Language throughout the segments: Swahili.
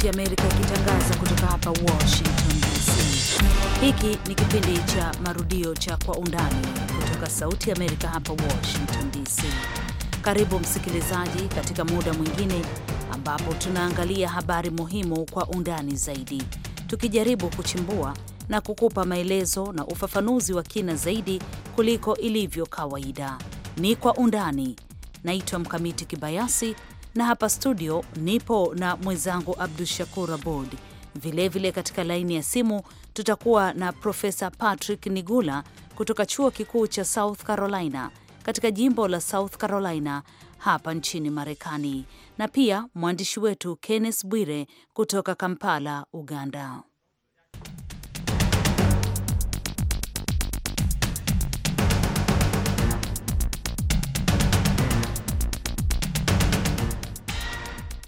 Sauti ya Amerika ikitangaza kutoka hapa Washington DC. Hiki ni kipindi cha marudio cha Kwa Undani kutoka Sauti ya Amerika hapa Washington DC. Karibu msikilizaji, katika muda mwingine ambapo tunaangalia habari muhimu kwa undani zaidi, tukijaribu kuchimbua na kukupa maelezo na ufafanuzi wa kina zaidi kuliko ilivyo kawaida. Ni Kwa Undani. Naitwa Mkamiti Kibayasi na hapa studio nipo na mwenzangu Abdu Shakur Abod. Vilevile katika laini ya simu tutakuwa na Profesa Patrick Nigula kutoka chuo kikuu cha South Carolina katika jimbo la South Carolina hapa nchini Marekani, na pia mwandishi wetu Kenneth Bwire kutoka Kampala, Uganda.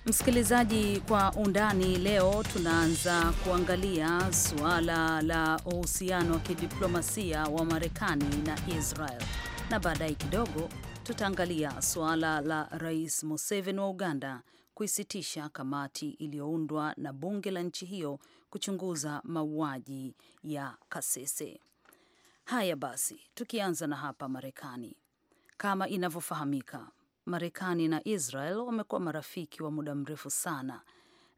Msikilizaji, kwa undani leo tunaanza kuangalia suala la uhusiano wa kidiplomasia wa Marekani na Israel, na baadaye kidogo tutaangalia suala la Rais Museveni wa Uganda kuisitisha kamati iliyoundwa na bunge la nchi hiyo kuchunguza mauaji ya Kasese. Haya basi, tukianza na hapa Marekani, kama inavyofahamika Marekani na Israel wamekuwa marafiki wa muda mrefu sana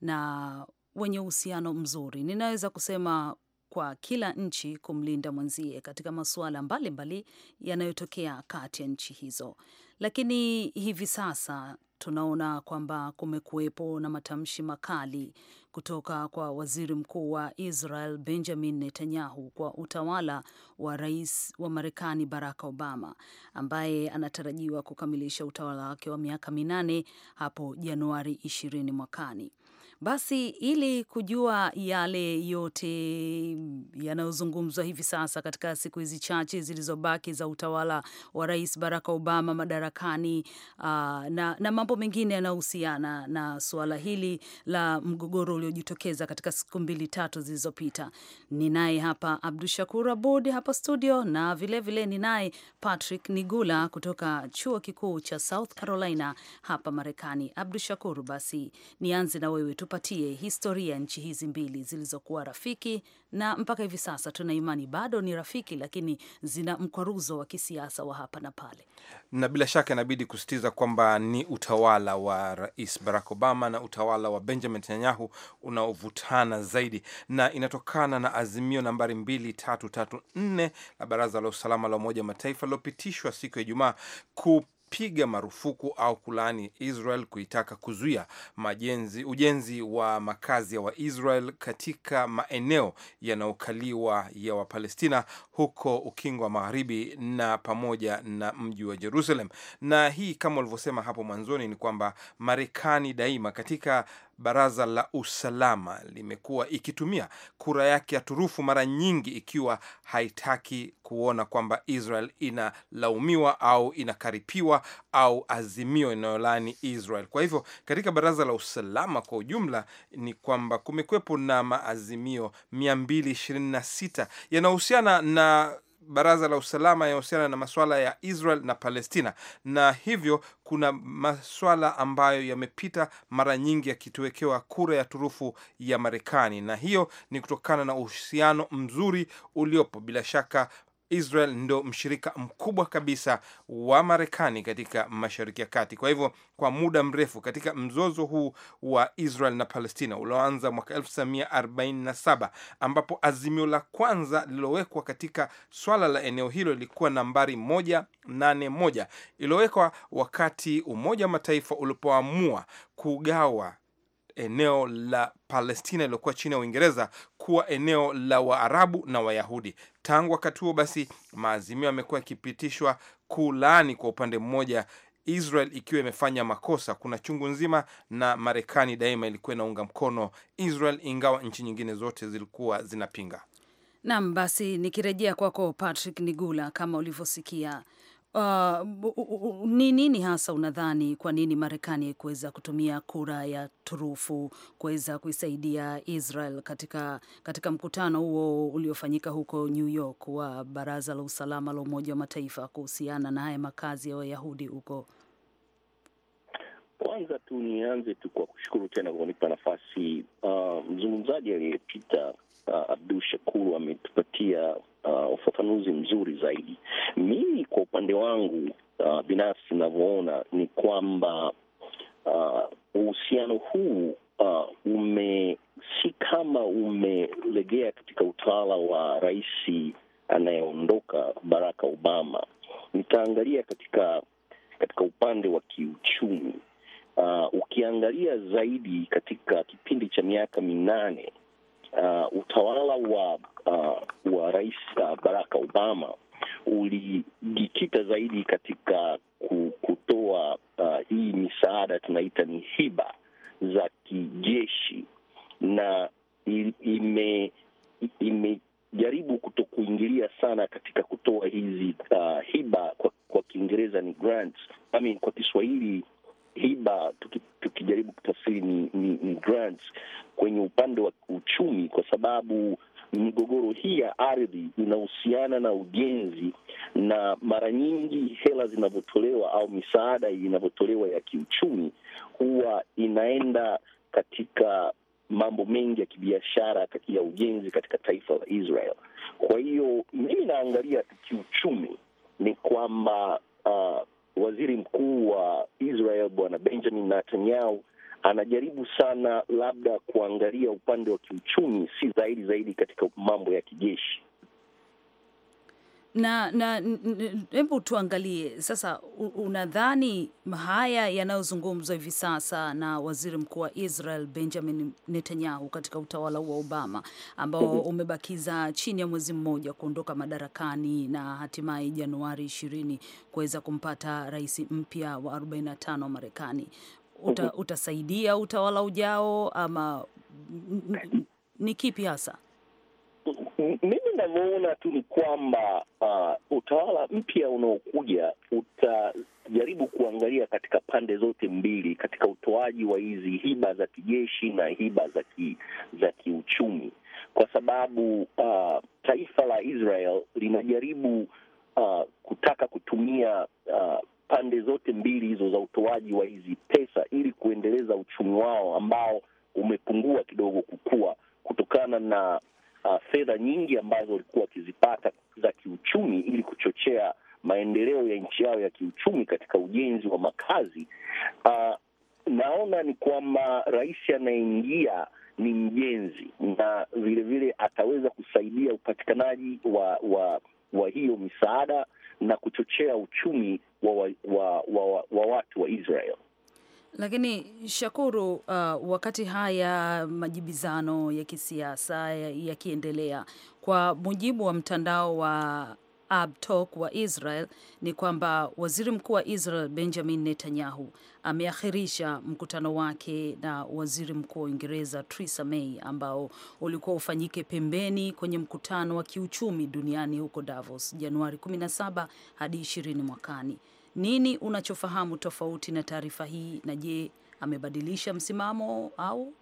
na wenye uhusiano mzuri. Ninaweza kusema kwa kila nchi kumlinda mwenzie katika masuala mbalimbali yanayotokea kati ya nchi hizo. Lakini hivi sasa tunaona kwamba kumekuwepo na matamshi makali kutoka kwa waziri mkuu wa Israel Benjamin Netanyahu kwa utawala wa rais wa Marekani Barack Obama ambaye anatarajiwa kukamilisha utawala wake wa miaka minane hapo Januari ishirini mwakani. Basi ili kujua yale yote yanayozungumzwa hivi sasa katika siku hizi chache zilizobaki za utawala wa Rais Barack Obama madarakani, uh, na, na mambo mengine yanayohusiana na suala hili la mgogoro uliojitokeza katika siku mbili tatu zilizopita, ninaye hapa Abdu Shakur Abud hapa studio, na vilevile ninaye Patrick Nigula kutoka chuo kikuu cha South Carolina hapa Marekani. Abdu Shakur, basi nianze na wewe tu tupatie historia ya nchi hizi mbili zilizokuwa rafiki na mpaka hivi sasa tuna imani bado ni rafiki, lakini zina mkwaruzo wa kisiasa wa hapa na pale. Na bila shaka inabidi kusitiza kwamba ni utawala wa Rais Barack Obama na utawala wa Benjamin Netanyahu unaovutana zaidi, na inatokana na azimio nambari 2334 la Baraza la Usalama la Umoja wa Mataifa lilopitishwa siku ya Ijumaa kupiga marufuku au kulaani Israel kuitaka kuzuia majenzi, ujenzi wa makazi ya Waisrael katika maeneo yanayokaliwa ya Wapalestina huko ukingo wa magharibi na pamoja na mji wa Jerusalem. Na hii kama ulivyosema hapo mwanzoni ni kwamba Marekani daima katika Baraza la Usalama limekuwa ikitumia kura yake ya turufu mara nyingi, ikiwa haitaki kuona kwamba Israel inalaumiwa au inakaripiwa au azimio inayolani Israel. Kwa hivyo katika Baraza la Usalama kwa ujumla ni kwamba kumekwepo na maazimio 226 yanahusiana na na baraza la usalama yanahusiana na maswala ya Israel na Palestina, na hivyo kuna maswala ambayo yamepita mara nyingi yakituwekewa kura ya turufu ya Marekani, na hiyo ni kutokana na uhusiano mzuri uliopo. Bila shaka Israel ndo mshirika mkubwa kabisa wa Marekani katika Mashariki ya Kati. Kwa hivyo, kwa muda mrefu katika mzozo huu wa Israel na Palestina ulioanza mwaka 1947 ambapo azimio la kwanza lililowekwa katika swala la eneo hilo lilikuwa nambari 181 iliyowekwa wakati Umoja wa Mataifa ulipoamua kugawa eneo la Palestina iliyokuwa chini ya Uingereza kuwa eneo la Waarabu na Wayahudi. Tangu wakati huo basi, maazimio yamekuwa yakipitishwa kulaani kwa upande mmoja Israel ikiwa imefanya makosa, kuna chungu nzima, na Marekani daima ilikuwa inaunga mkono Israel, ingawa nchi nyingine zote zilikuwa zinapinga. Naam, basi nikirejea kwako kwa Patrick Nigula, kama ulivyosikia Uh, ni nini hasa unadhani kwa nini Marekani kuweza kutumia kura ya turufu kuweza kuisaidia Israel katika, katika mkutano huo uliofanyika huko New York wa Baraza la Usalama la Umoja wa Mataifa kuhusiana na haya makazi ya Wayahudi huko? Kwanza tu nianze tu kwa kushukuru tena kwa kunipa nafasi. Uh, mzungumzaji aliyepita uh, Abdu Shakuru ametupatia uh, ufafanuzi mzuri zaidi mimi kwa upande wangu uh, binafsi inavyoona ni kwamba uh, uhusiano huu uh, ume si kama umelegea katika utawala wa rais anayeondoka Barack Obama. Nitaangalia katika katika upande wa kiuchumi. Uh, ukiangalia zaidi katika kipindi cha miaka minane uh, utawala wa uh, wa rais uh, Barack Obama ulijikita zaidi katika kutoa uh, hii misaada tunaita ni hiba za kijeshi, na ime imejaribu kuto kuingilia sana katika kutoa hizi uh, hiba kwa, kwa Kiingereza ni grants. I mean, kwa Kiswahili hiba tukijaribu tuki kutafsiri ni, ni, ni grants kwenye upande wa uchumi, kwa sababu migogoro hii ya ardhi inahusiana na ujenzi, na mara nyingi hela zinavyotolewa au misaada inavyotolewa ya kiuchumi huwa inaenda katika mambo mengi ya kibiashara ya ujenzi katika taifa la Israel. Kwa hiyo mimi naangalia kiuchumi ni kwamba uh, waziri mkuu wa Israel Bwana Benjamin Netanyahu anajaribu sana labda kuangalia upande wa kiuchumi, si zaidi zaidi katika mambo ya kijeshi na na hebu tuangalie sasa, unadhani haya yanayozungumzwa hivi sasa na waziri mkuu wa Israel Benjamin Netanyahu katika utawala huu wa Obama ambao mhm. umebakiza chini ya mwezi mmoja kuondoka madarakani na hatimaye Januari ishirini kuweza kumpata rais mpya wa 45 wa Marekani, uta, utasaidia utawala ujao ama ni kipi hasa? Mimi navyoona tu ni kwamba uh, utawala mpya unaokuja utajaribu kuangalia katika pande zote mbili, katika utoaji wa hizi hiba za kijeshi na hiba za ki, za kiuchumi, kwa sababu uh, taifa la Israel linajaribu uh, kutaka kutumia uh, pande zote mbili hizo za utoaji wa hizi pesa ili kuendeleza uchumi wao ambao umepungua kidogo kukua kutokana na uh, fedha nyingi ambazo walikuwa wakizipata za kiuchumi ili kuchochea maendeleo ya nchi yao ya kiuchumi katika ujenzi wa makazi. Uh, naona ni kwamba rais anayeingia ni mjenzi na vilevile ataweza kusaidia upatikanaji wa wa wa hiyo misaada na kuchochea uchumi wa, wa, wa, wa, wa watu wa Israel. Lakini Shakuru, uh, wakati haya majibizano ya kisiasa yakiendelea, kwa mujibu wa mtandao wa Abtok wa Israel ni kwamba waziri mkuu wa Israel Benjamin Netanyahu ameakhirisha mkutano wake na waziri mkuu wa Uingereza Theresa May ambao ulikuwa ufanyike pembeni kwenye mkutano wa kiuchumi duniani huko Davos Januari 17 hadi 20 mwakani. Nini unachofahamu tofauti na taarifa hii, na je, amebadilisha msimamo au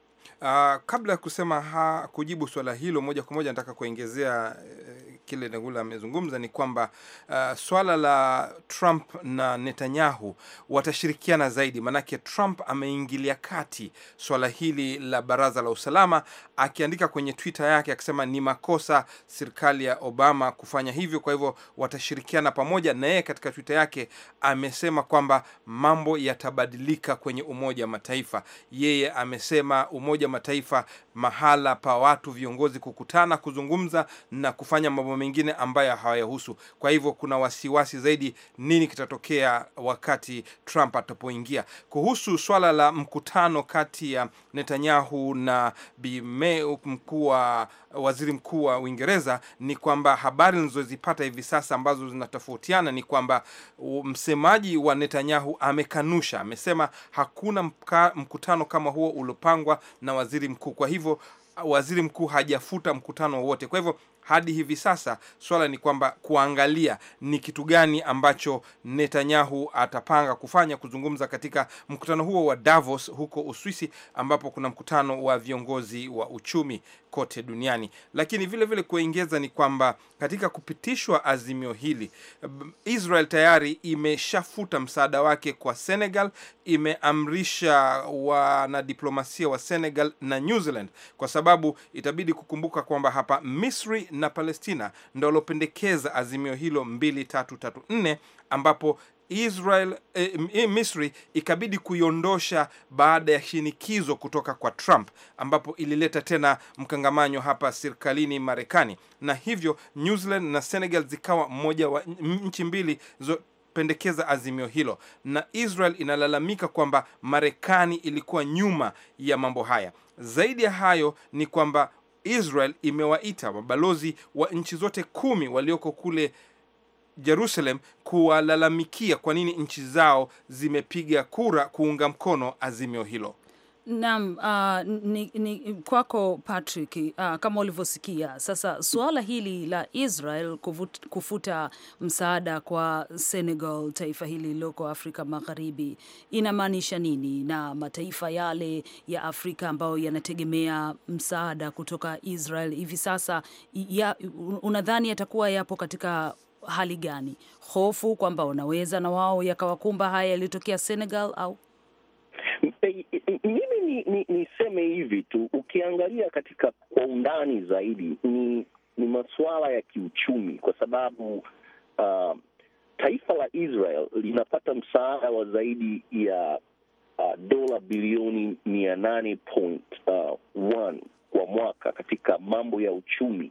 Uh, kabla ya kusema ha, kujibu swala hilo moja kwa moja nataka kuongezea eh, kile Nagula amezungumza ni kwamba uh, swala la Trump na Netanyahu watashirikiana zaidi, maanake Trump ameingilia kati swala hili la baraza la usalama, akiandika kwenye Twitter yake akisema ni makosa serikali ya Obama kufanya hivyo, kwa hivyo watashirikiana pamoja. Na yeye katika Twitter yake amesema kwamba mambo yatabadilika kwenye Umoja wa Mataifa. Yeye amesema umoja Umoja wa Mataifa mahala pa watu viongozi kukutana kuzungumza na kufanya mambo mengine ambayo hawayahusu. Kwa hivyo kuna wasiwasi zaidi nini kitatokea wakati Trump atapoingia. Kuhusu swala la mkutano kati ya Netanyahu na Bimeu mkuu wa waziri mkuu wa Uingereza ni kwamba habari nilizozipata hivi sasa ambazo zinatofautiana ni kwamba msemaji wa Netanyahu amekanusha, amesema hakuna mka, mkutano kama huo uliopangwa na waziri mkuu. Kwa hivyo waziri mkuu hajafuta mkutano wowote. Kwa hivyo hadi hivi sasa swala ni kwamba kuangalia ni kitu gani ambacho Netanyahu atapanga kufanya kuzungumza katika mkutano huo wa Davos huko Uswisi, ambapo kuna mkutano wa viongozi wa uchumi kote duniani. Lakini vile vile kuongeza ni kwamba katika kupitishwa azimio hili, Israel tayari imeshafuta msaada wake kwa Senegal, imeamrisha wanadiplomasia wa Senegal na New Zealand, kwa sababu itabidi kukumbuka kwamba hapa Misri na Palestina ndo alopendekeza azimio hilo 2334 ambapo Israel eh, eh, Misri ikabidi kuiondosha baada ya shinikizo kutoka kwa Trump, ambapo ilileta tena mkangamanyo hapa serikalini Marekani, na hivyo New Zealand na Senegal zikawa mmoja wa nchi mbili pendekeza azimio hilo, na Israel inalalamika kwamba Marekani ilikuwa nyuma ya mambo haya. Zaidi ya hayo ni kwamba Israel imewaita mabalozi wa nchi zote kumi walioko kule Jerusalem kuwalalamikia kwa nini nchi zao zimepiga kura kuunga mkono azimio hilo. Naam, uh, ni, ni kwako Patrick. Uh, kama ulivyosikia sasa, suala hili la Israel kufut, kufuta msaada kwa Senegal, taifa hili lililoko Afrika Magharibi, inamaanisha nini na mataifa yale ya Afrika ambayo yanategemea msaada kutoka Israel hivi sasa ya, unadhani yatakuwa yapo katika hali gani? Hofu kwamba wanaweza na wao yakawakumba haya yaliyotokea Senegal au Eh, eh, eh, mimi ni, ni, niseme hivi tu, ukiangalia katika kwa undani zaidi ni, ni masuala ya kiuchumi kwa sababu uh, taifa la Israel linapata msaada wa zaidi ya uh, dola bilioni mia nane point uh, one kwa mwaka katika mambo ya uchumi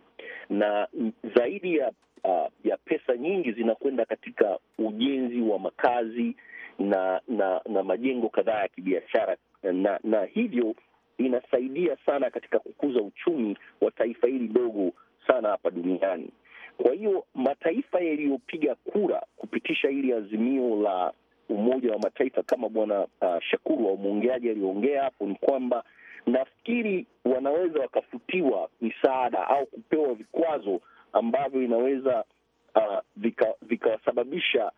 na zaidi ya, uh, ya pesa nyingi zinakwenda katika ujenzi wa makazi na na na majengo kadhaa ya kibiashara na, na hivyo inasaidia sana katika kukuza uchumi wa taifa hili dogo sana hapa duniani. Kwa hiyo mataifa yaliyopiga kura kupitisha hili azimio la Umoja wa Mataifa kama bwana uh, Shakuru wa mwongeaji aliyoongea hapo, ni kwamba nafikiri wanaweza wakafutiwa misaada au kupewa vikwazo ambavyo inaweza uh, vikawasababisha vika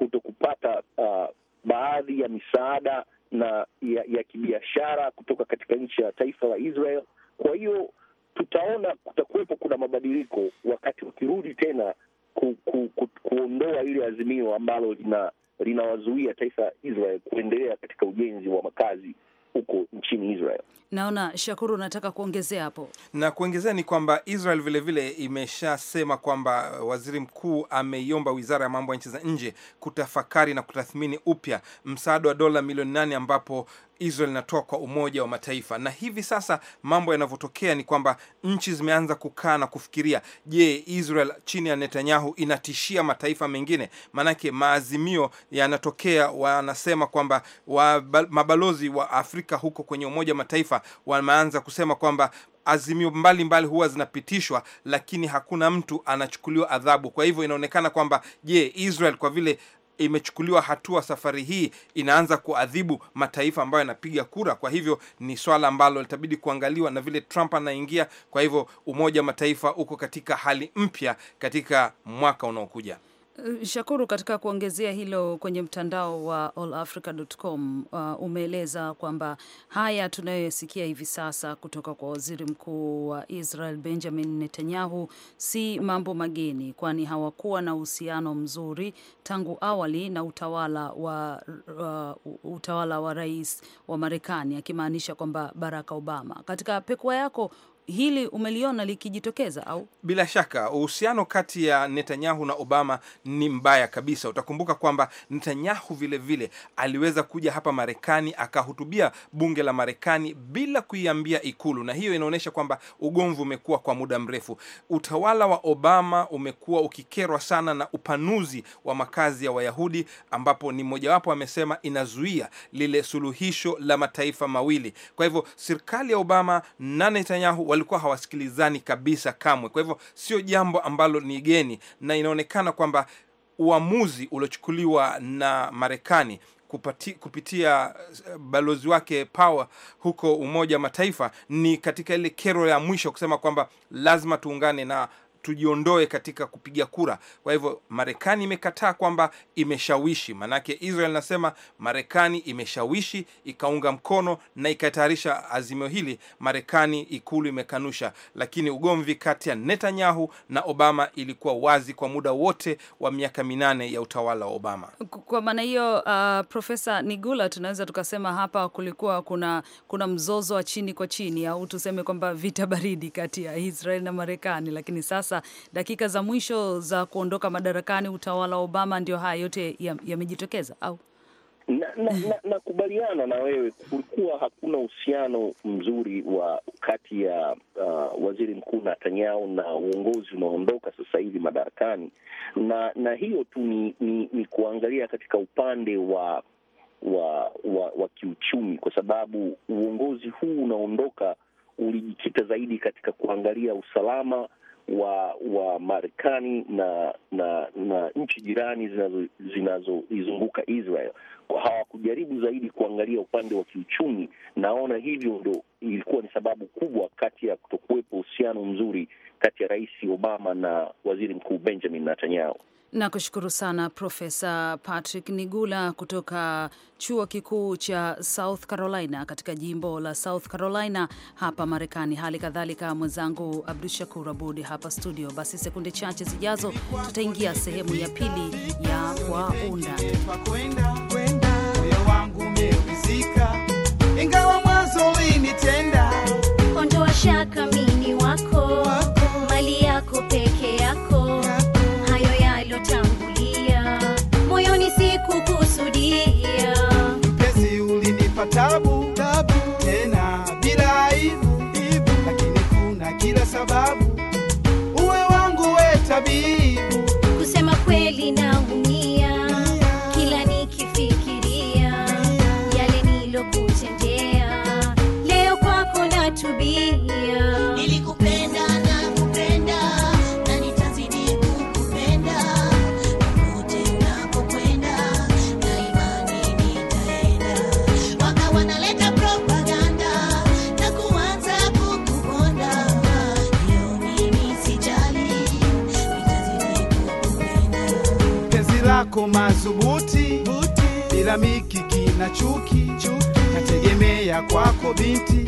kuto kupata uh, baadhi ya misaada na ya, ya kibiashara kutoka katika nchi ya taifa la Israel. Kwa hiyo tutaona kutakuwepo kuna mabadiliko wakati wakirudi tena ku, ku, ku, kuondoa ile azimio ambalo lina linawazuia taifa Israel kuendelea katika ujenzi wa makazi huko nchini Israel. Naona Shakuru, unataka kuongezea hapo, na kuongezea ni kwamba Israel vilevile imeshasema kwamba waziri mkuu ameiomba wizara ya mambo ya nchi za nje kutafakari na kutathmini upya msaada wa dola milioni nane ambapo Israel inatoa kwa Umoja wa Mataifa. Na hivi sasa mambo yanavyotokea ni kwamba nchi zimeanza kukaa na kufikiria, je, Israel chini ya Netanyahu inatishia mataifa mengine? Maanake maazimio yanatokea, wanasema kwamba wa, mabalozi wa Afrika huko kwenye Umoja wa Mataifa wameanza kusema kwamba azimio mbalimbali huwa zinapitishwa, lakini hakuna mtu anachukuliwa adhabu. Kwa hivyo inaonekana kwamba je, Israel kwa vile imechukuliwa hatua safari hii inaanza kuadhibu mataifa ambayo yanapiga kura. Kwa hivyo ni swala ambalo litabidi kuangaliwa na vile Trump anaingia. Kwa hivyo Umoja wa Mataifa uko katika hali mpya katika mwaka unaokuja. Eh, shakuru, katika kuongezea hilo kwenye mtandao wa allafrica.com uh, eh, umeeleza kwamba haya tunayoyasikia hivi sasa kutoka kwa waziri mkuu wa Israel Benjamin Netanyahu si mambo mageni, kwani hawakuwa na uhusiano mzuri tangu awali na utawala wa, uh, utawala wa rais wa Marekani, akimaanisha kwamba Barack Obama. Katika pekua yako hili umeliona likijitokeza au? Bila shaka uhusiano kati ya Netanyahu na Obama ni mbaya kabisa. Utakumbuka kwamba Netanyahu vilevile vile aliweza kuja hapa Marekani akahutubia bunge la Marekani bila kuiambia Ikulu, na hiyo inaonyesha kwamba ugomvi umekuwa kwa muda mrefu. Utawala wa Obama umekuwa ukikerwa sana na upanuzi wa makazi ya Wayahudi, ambapo ni mojawapo amesema inazuia lile suluhisho la mataifa mawili. Kwa hivyo serikali ya Obama na Netanyahu walikuwa hawasikilizani kabisa kamwe. Kwa hivyo sio jambo ambalo ni geni, na inaonekana kwamba uamuzi uliochukuliwa na Marekani kupati, kupitia eh, balozi wake Power huko Umoja wa Mataifa ni katika ile kero ya mwisho kusema kwamba lazima tuungane na tujiondoe katika kupiga kura. Kwa hivyo Marekani imekataa kwamba imeshawishi, maanake Israel nasema Marekani imeshawishi ikaunga mkono na ikatayarisha azimio hili. Marekani ikulu imekanusha, lakini ugomvi kati ya Netanyahu na Obama ilikuwa wazi kwa muda wote wa miaka minane ya utawala wa Obama. Kwa maana hiyo, uh, Profesa Nigula, tunaweza tukasema hapa kulikuwa kuna, kuna mzozo wa chini kwa chini au tuseme kwamba vita baridi kati ya Israel na Marekani, lakini sasa sasa dakika za mwisho za kuondoka madarakani utawala wa Obama, ndio haya yote yamejitokeza ya au nakubaliana na, na, na wewe, kulikuwa hakuna uhusiano mzuri wa kati ya uh, waziri mkuu Netanyahu na uongozi unaoondoka sasa hivi madarakani, na na hiyo tu ni, ni, ni kuangalia katika upande wa wa, wa wa kiuchumi, kwa sababu uongozi huu unaondoka ulijikita zaidi katika kuangalia usalama wa wa Marekani na na na nchi jirani zinazoizunguka zinazo Israel hawakujaribu zaidi kuangalia upande wa kiuchumi. Naona hivyo ndo ilikuwa ni sababu kubwa kati ya kutokuwepo uhusiano mzuri kati ya Rais Obama na Waziri Mkuu Benjamin Netanyahu. Nakushukuru sana Profesa Patrick Nigula kutoka chuo kikuu cha South Carolina katika jimbo la South Carolina hapa Marekani. Hali kadhalika mwenzangu Abdu Shakur Abud hapa studio. Basi sekunde chache zijazo, tutaingia sehemu ya pili ya Kwa Undani. na chuki, chuki. Nategemea kwako binti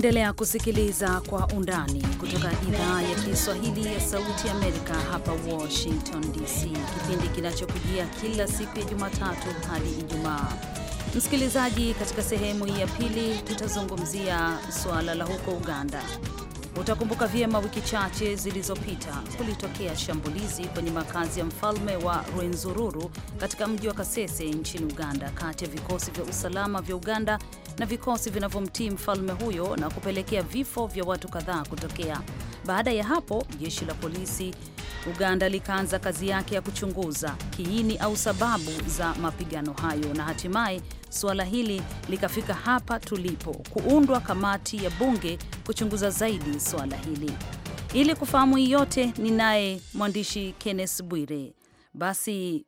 Unaendelea kusikiliza Kwa Undani kutoka idhaa ya Kiswahili ya Sauti ya Amerika hapa Washington DC, kipindi kinachokujia kila siku ya Jumatatu hadi Ijumaa. Msikilizaji, katika sehemu hii ya pili tutazungumzia suala la huko Uganda. Utakumbuka vyema wiki chache zilizopita kulitokea shambulizi kwenye makazi ya mfalme wa Rwenzururu katika mji wa Kasese nchini Uganda, kati ya vikosi vya usalama vya Uganda na vikosi vinavyomtii mfalme huyo na kupelekea vifo vya watu kadhaa kutokea. Baada ya hapo, jeshi la polisi Uganda likaanza kazi yake ya kuchunguza kiini au sababu za mapigano hayo na hatimaye suala hili likafika hapa tulipo, kuundwa kamati ya bunge kuchunguza zaidi suala hili. Ili kufahamu hii yote, ninaye mwandishi Kenneth Bwire. Basi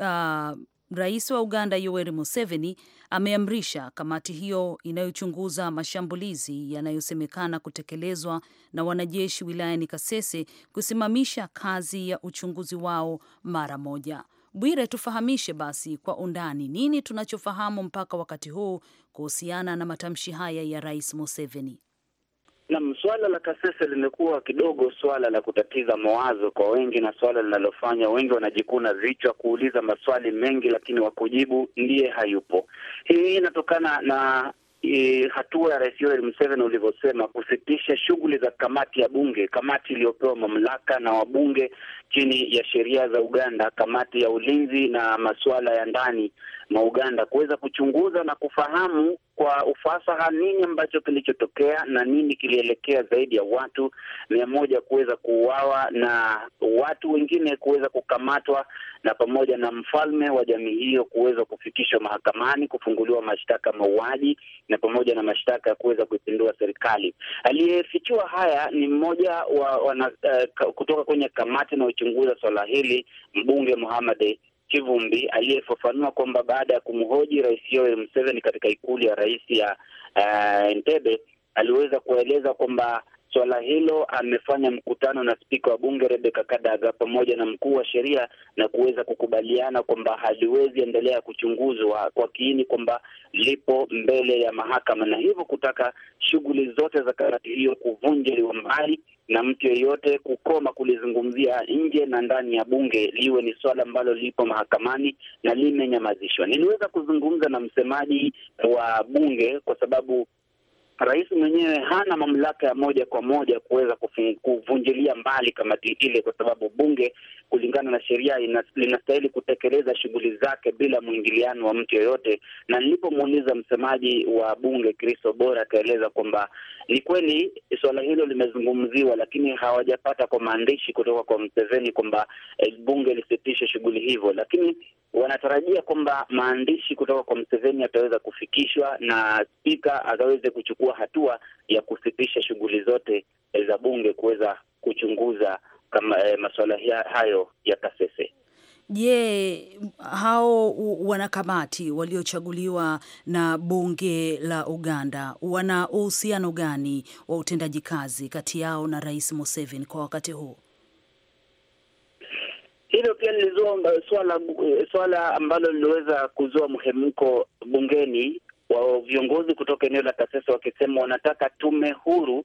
uh, Rais wa Uganda Yoweri Museveni ameamrisha kamati hiyo inayochunguza mashambulizi yanayosemekana kutekelezwa na wanajeshi wilayani Kasese kusimamisha kazi ya uchunguzi wao mara moja. Bwire, tufahamishe basi kwa undani nini tunachofahamu mpaka wakati huu kuhusiana na matamshi haya ya Rais Museveni. Nam, swala la Kasese limekuwa kidogo swala la kutatiza mawazo kwa wengi, na swala linalofanya wengi wanajikuna vichwa kuuliza maswali mengi, lakini wa kujibu ndiye hayupo. Hii inatokana na E, hatua ya Rais Yoweri Museveni ulivyosema kusitisha shughuli za kamati ya bunge, kamati iliyopewa mamlaka na wabunge chini ya sheria za Uganda, kamati ya ulinzi na masuala ya ndani na Uganda kuweza kuchunguza na kufahamu kwa ufasaha nini ambacho kilichotokea na nini kilielekea zaidi ya watu mia moja kuweza kuuawa na watu wengine kuweza kukamatwa na pamoja na mfalme wa jamii hiyo kuweza kufikishwa mahakamani, kufunguliwa mashtaka mauaji na pamoja na mashtaka ya kuweza kuipindua serikali. Aliyefichua haya ni mmoja wa, wa na, uh, eh, kutoka kwenye kamati inayochunguza swala hili, mbunge Muhammad Kivumbi aliyefafanua kwamba baada ya kumhoji Rais Yoweri Museveni katika ikulu ya rais ya uh, Entebbe aliweza kueleza kwamba Swala hilo amefanya mkutano na spika wa bunge rebeka Kadaga pamoja na mkuu wa sheria na kuweza kukubaliana kwamba haliwezi endelea kuchunguzwa kwa kiini kwamba lipo mbele ya mahakama, na hivyo kutaka shughuli zote za karati hiyo kuvunjiliwa mbali na mtu yeyote kukoma kulizungumzia nje na ndani ya bunge, liwe ni swala ambalo lipo mahakamani na limenyamazishwa. Niliweza kuzungumza na msemaji wa bunge kwa sababu rais mwenyewe hana mamlaka ya moja kwa moja kuweza kuvunjilia mbali kamati ile, kwa sababu bunge kulingana na sheria linastahili kutekeleza shughuli zake bila mwingiliano wa mtu yoyote. Na nilipomuuliza msemaji wa bunge Kristo Bora, akaeleza kwamba ni kweli suala hilo limezungumziwa, lakini hawajapata kwa maandishi kutoka kwa Mseveni kwamba eh, bunge lisitishe shughuli hivyo, lakini wanatarajia kwamba maandishi kutoka kwa Mseveni yataweza kufikishwa na spika akaweze kuchukua hatua ya kusitisha shughuli zote eh, za bunge kuweza kuchunguza kama e, masuala hayo ya Kasese. Je, hao wanakamati waliochaguliwa na bunge la Uganda wana uhusiano gani wa utendaji kazi kati yao na Rais Museveni kwa wakati huu? Hilo pia lilizua swala eh, swala ambalo liliweza kuzua mhemko bungeni wa viongozi kutoka eneo la Kasese wakisema wanataka tume huru,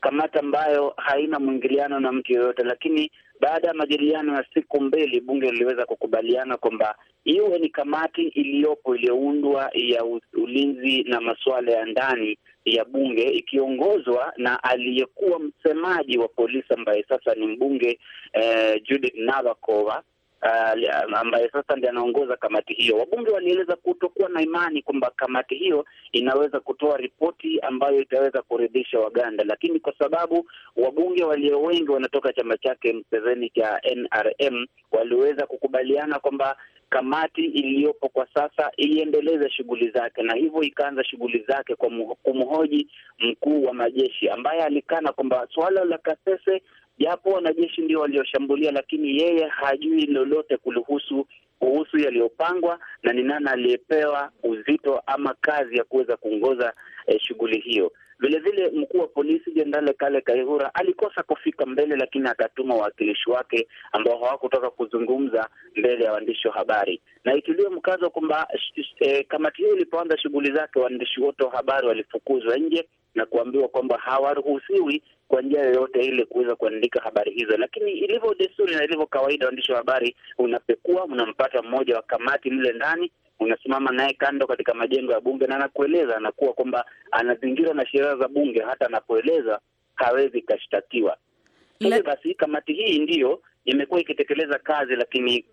kamati ambayo haina mwingiliano na mtu yoyote. Lakini baada ya majadiliano ya siku mbili, bunge liliweza kukubaliana kwamba iwe ni kamati iliyopo iliyoundwa ya ulinzi na masuala ya ndani ya bunge ikiongozwa na aliyekuwa msemaji wa polisi ambaye sasa ni mbunge eh, Judith Navakova. Uh, ambaye sasa ndiye anaongoza kamati hiyo. Wabunge walieleza kutokuwa na imani kwamba kamati hiyo inaweza kutoa ripoti ambayo itaweza kuridhisha Waganda, lakini kwa sababu wabunge walio wengi wanatoka chama chake Mseveni cha NRM waliweza kukubaliana kwamba kamati iliyopo kwa sasa iliendeleza shughuli zake, na hivyo ikaanza shughuli zake kwa kumhoji mkuu wa majeshi ambaye alikana kwamba suala la Kasese, japo wanajeshi ndio walioshambulia, lakini yeye hajui lolote kuluhusu kuhusu yaliyopangwa na ni nani aliyepewa uzito ama kazi ya kuweza kuongoza eh, shughuli hiyo. Vilevile mkuu wa polisi Jenerali Kale Kaihura alikosa kufika mbele, lakini akatuma wawakilishi wake ambao hawakutoka kuzungumza mbele ya waandishi wa habari, na ituliwe mkazo kwamba e, kamati hiyo ilipoanza shughuli zake, waandishi wote wa habari walifukuzwa nje na kuambiwa kwamba hawaruhusiwi kwa njia yoyote ile kuweza kuandika habari hizo. Lakini ilivyo desturi na ilivyo kawaida, waandishi wa habari unapekua, unampata mmoja wa kamati mle ndani unasimama naye kando katika majengo ya bunge, na anakueleza anakuwa kwamba anazingira na sheria za bunge, hata anapoeleza hawezi kashtakiwa. Sasa basi kamati hii ndiyo imekuwa ikitekeleza kazi, lakini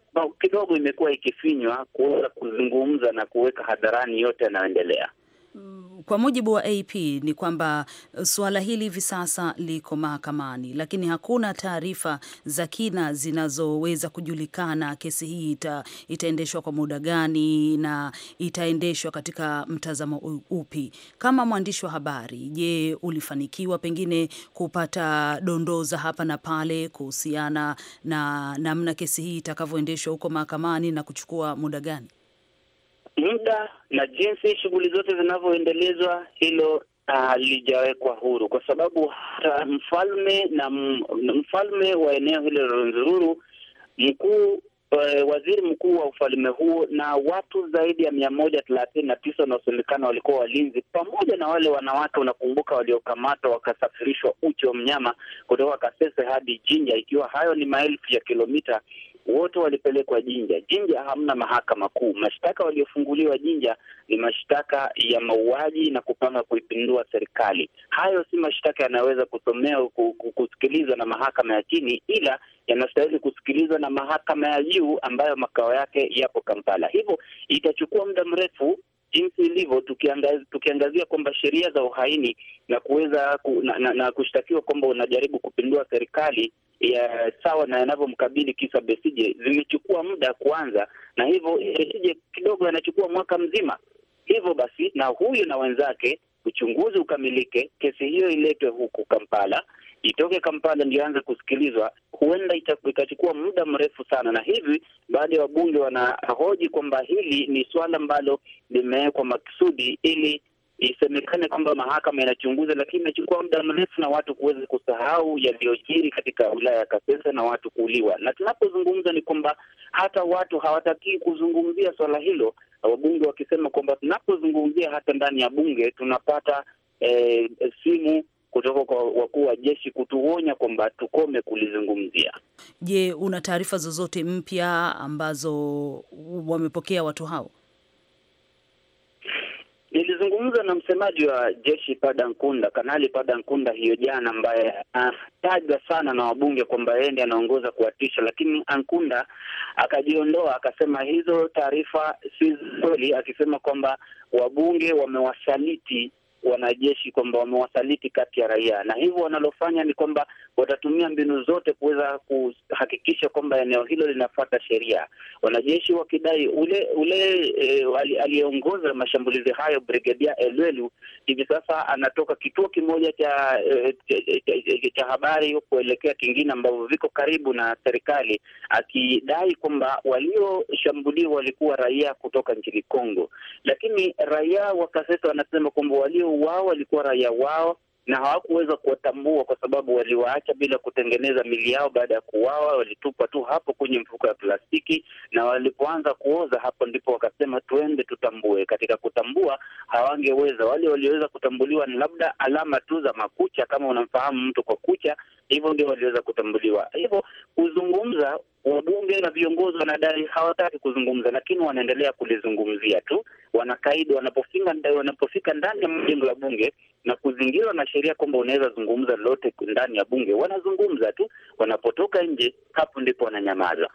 kidogo imekuwa ikifinywa kuweza kuzungumza na kuweka hadharani yote yanayoendelea. Mm, kwa mujibu wa AP ni kwamba uh, suala hili hivi sasa liko mahakamani, lakini hakuna taarifa za kina zinazoweza kujulikana. Kesi hii ita, itaendeshwa kwa muda gani na itaendeshwa katika mtazamo upi? Kama mwandishi wa habari, je, ulifanikiwa pengine kupata dondoo za hapa na pale kuhusiana na namna kesi hii itakavyoendeshwa huko mahakamani na kuchukua muda gani? muda na jinsi shughuli zote zinavyoendelezwa, hilo ah, halijawekwa uh, huru, kwa sababu hata mfalme na mfalme wa eneo hilo la Rwenzururu, mkuu uh, waziri mkuu wa ufalme huo na watu zaidi ya mia moja thelathini na tisa wanaosemekana walikuwa walinzi, pamoja na wale wanawake, unakumbuka, waliokamatwa wakasafirishwa uchi wa mnyama kutoka Kasese hadi Jinja, ikiwa hayo ni maelfu ya kilomita wote walipelekwa Jinja. Jinja hamna mahakama kuu. Mashtaka waliofunguliwa Jinja ni mashtaka ya mauaji na kupanga kuipindua serikali. Hayo si mashtaka yanayoweza kusomewa kusikilizwa na mahakama ya chini, ila yanastahili kusikilizwa na mahakama ya juu ambayo makao yake yapo Kampala. Hivyo itachukua muda mrefu jinsi ilivyo, tukiangazia, tukiangazia kwamba sheria za uhaini na kuweza ku, na, na, na kushtakiwa kwamba unajaribu kupindua serikali ya sawa na yanavyomkabili Kizza Besigye zimechukua muda kuanza, na hivyo Besigye kidogo anachukua mwaka mzima. Hivyo basi, na huyu na wenzake, uchunguzi ukamilike, kesi hiyo iletwe huku Kampala, itoke Kampala ndio anze kusikilizwa huenda ikachukua muda mrefu sana, na hivi baadhi ya wabunge wanahoji kwamba hili ni swala ambalo limewekwa makusudi ili isemekane kwamba mahakama inachunguza, lakini imechukua muda mrefu na watu kuweza kusahau yaliyojiri katika wilaya ya Kasese na watu kuuliwa. Na tunapozungumza ni kwamba hata watu hawatakii kuzungumzia swala hilo, wabunge wakisema kwamba tunapozungumzia hata ndani ya bunge tunapata eh, simu kutoka kwa wakuu wa jeshi kutuonya kwamba tukome kulizungumzia. Je, una taarifa zozote mpya ambazo wamepokea watu hao? Nilizungumza na msemaji wa jeshi Pada Nkunda, Kanali Pada Nkunda hiyo jana, ambaye anatajwa sana na wabunge kwamba yeye ndiye anaongoza kuwatisha, lakini Ankunda akajiondoa akasema hizo taarifa si kweli, akisema kwamba wabunge wamewasaliti wanajeshi kwamba wamewasaliti kati ya raia, na hivyo wanalofanya ni kwamba watatumia mbinu zote kuweza kuhakikisha kwamba eneo hilo linafuata sheria. Wanajeshi wakidai ule ule e, aliyeongoza mashambulizi hayo Brigedia Elwelu hivi sasa anatoka kituo kimoja cha e, cha habari kuelekea kingine ambavyo viko karibu na serikali, akidai kwamba walioshambuliwa walikuwa raia kutoka nchini Kongo, lakini raia wa wanasema kwamba walio wao walikuwa raia wao na hawakuweza kuwatambua kwa sababu waliwaacha bila kutengeneza mili yao. Baada ya kuwawa, walitupwa tu hapo kwenye mfuko ya plastiki, na walipoanza kuoza, hapo ndipo wakasema tuende tutambue. Katika kutambua hawangeweza, wale walioweza kutambuliwa ni labda alama tu za makucha, kama unamfahamu mtu kwa kucha, hivyo ndio waliweza kutambuliwa. Hivyo kuzungumza, wabunge na viongozi wanadai hawataki kuzungumza, lakini wanaendelea kulizungumzia tu wanakaidi wanapofika wanapofika ndani ya mjengo la bunge na kuzingirwa na sheria kwamba unaweza zungumza lolote ndani ya bunge, wanazungumza tu. Wanapotoka nje, hapo ndipo wananyamaza.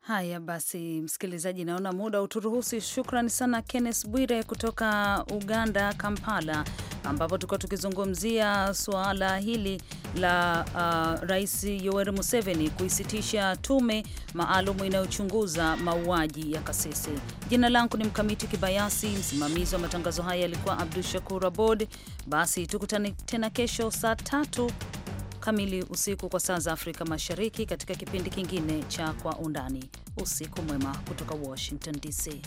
Haya basi, msikilizaji, naona muda uturuhusi. Shukrani sana Kenneth Bwire kutoka Uganda, Kampala ambapo tulikuwa tukizungumzia suala hili la uh, Rais Yoweri Museveni kuisitisha tume maalum inayochunguza mauaji ya Kasese. Jina langu ni Mkamiti Kibayasi, msimamizi wa matangazo haya alikuwa Abdu Shakur Abod. Basi tukutane tena kesho saa tatu kamili usiku kwa saa za Afrika Mashariki katika kipindi kingine cha Kwa Undani. Usiku mwema kutoka Washington DC.